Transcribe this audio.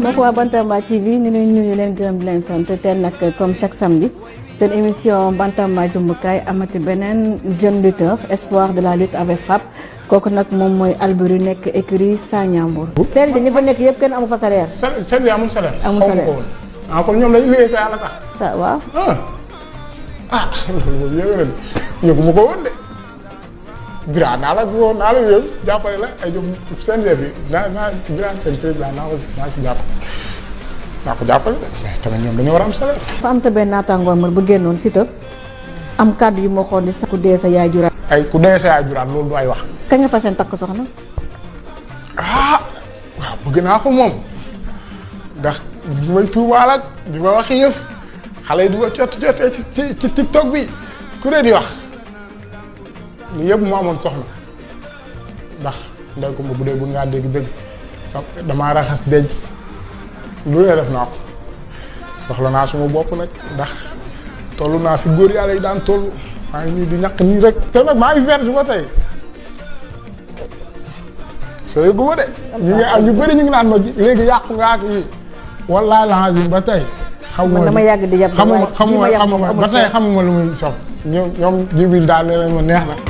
mbokk waa Bantamba TV ñu leen nuyu leen gërëm di leen sant teel nag comme chaque samedi seen émission Bantamba Jumbukaay amati beneen jeune lutteur espoir de la lutte avec frappe kooku nag moom mooy Alboury nekk écurie Sagnambour. seen ñi fa nekk yëpp kenn amu fa salaire. seen bi amul salaire. amul salaire ah kon ñoom dañuy liggéey te yàlla tax. ça waaw. ah, ah loolu moom yëngu na yëngu ma ko woon de. Bira naa la woo naa la wéew jàppale la ay ñoom CNG bi naa naa seen président naa naa si jàppale naa ko jàppale mais tamit ñoom dañoo war am salaire. dafa am sa benn naataangoo man bu génnoon si tëb am kàddu yu ma xool ni ku sa yaay juraat. ay ku dee loolu du ay wax. kañ nga fa seen takk soxna. ah waaw bëgg naa ko moom ndax bi may tuumaal ak bi ma waxee yëpp xale yi di ma jot jotee ci ci ci bi ku ne di wax. lu yëpp mu amoon soxna ndax ndey ko ma bu dee bu ngaa dégg dëgg damaa raxas denc lu ne def naa ko soxla naa suma bopp nag ndax toll naa fi góor yàlla yi daan toll maa ngi nii di ñaq nii rek te nag maa ngi vierge ba tey sooy guma de ñu ngi am ñu bëri ñu ngi naan ma léegi yàqu nga ak yi wallaahi laazim ba tey xamuma dama yàgg di yàpp xamuma xamuma ba tey lu muy sox ñoom ñoom jibil daal ne ma neex na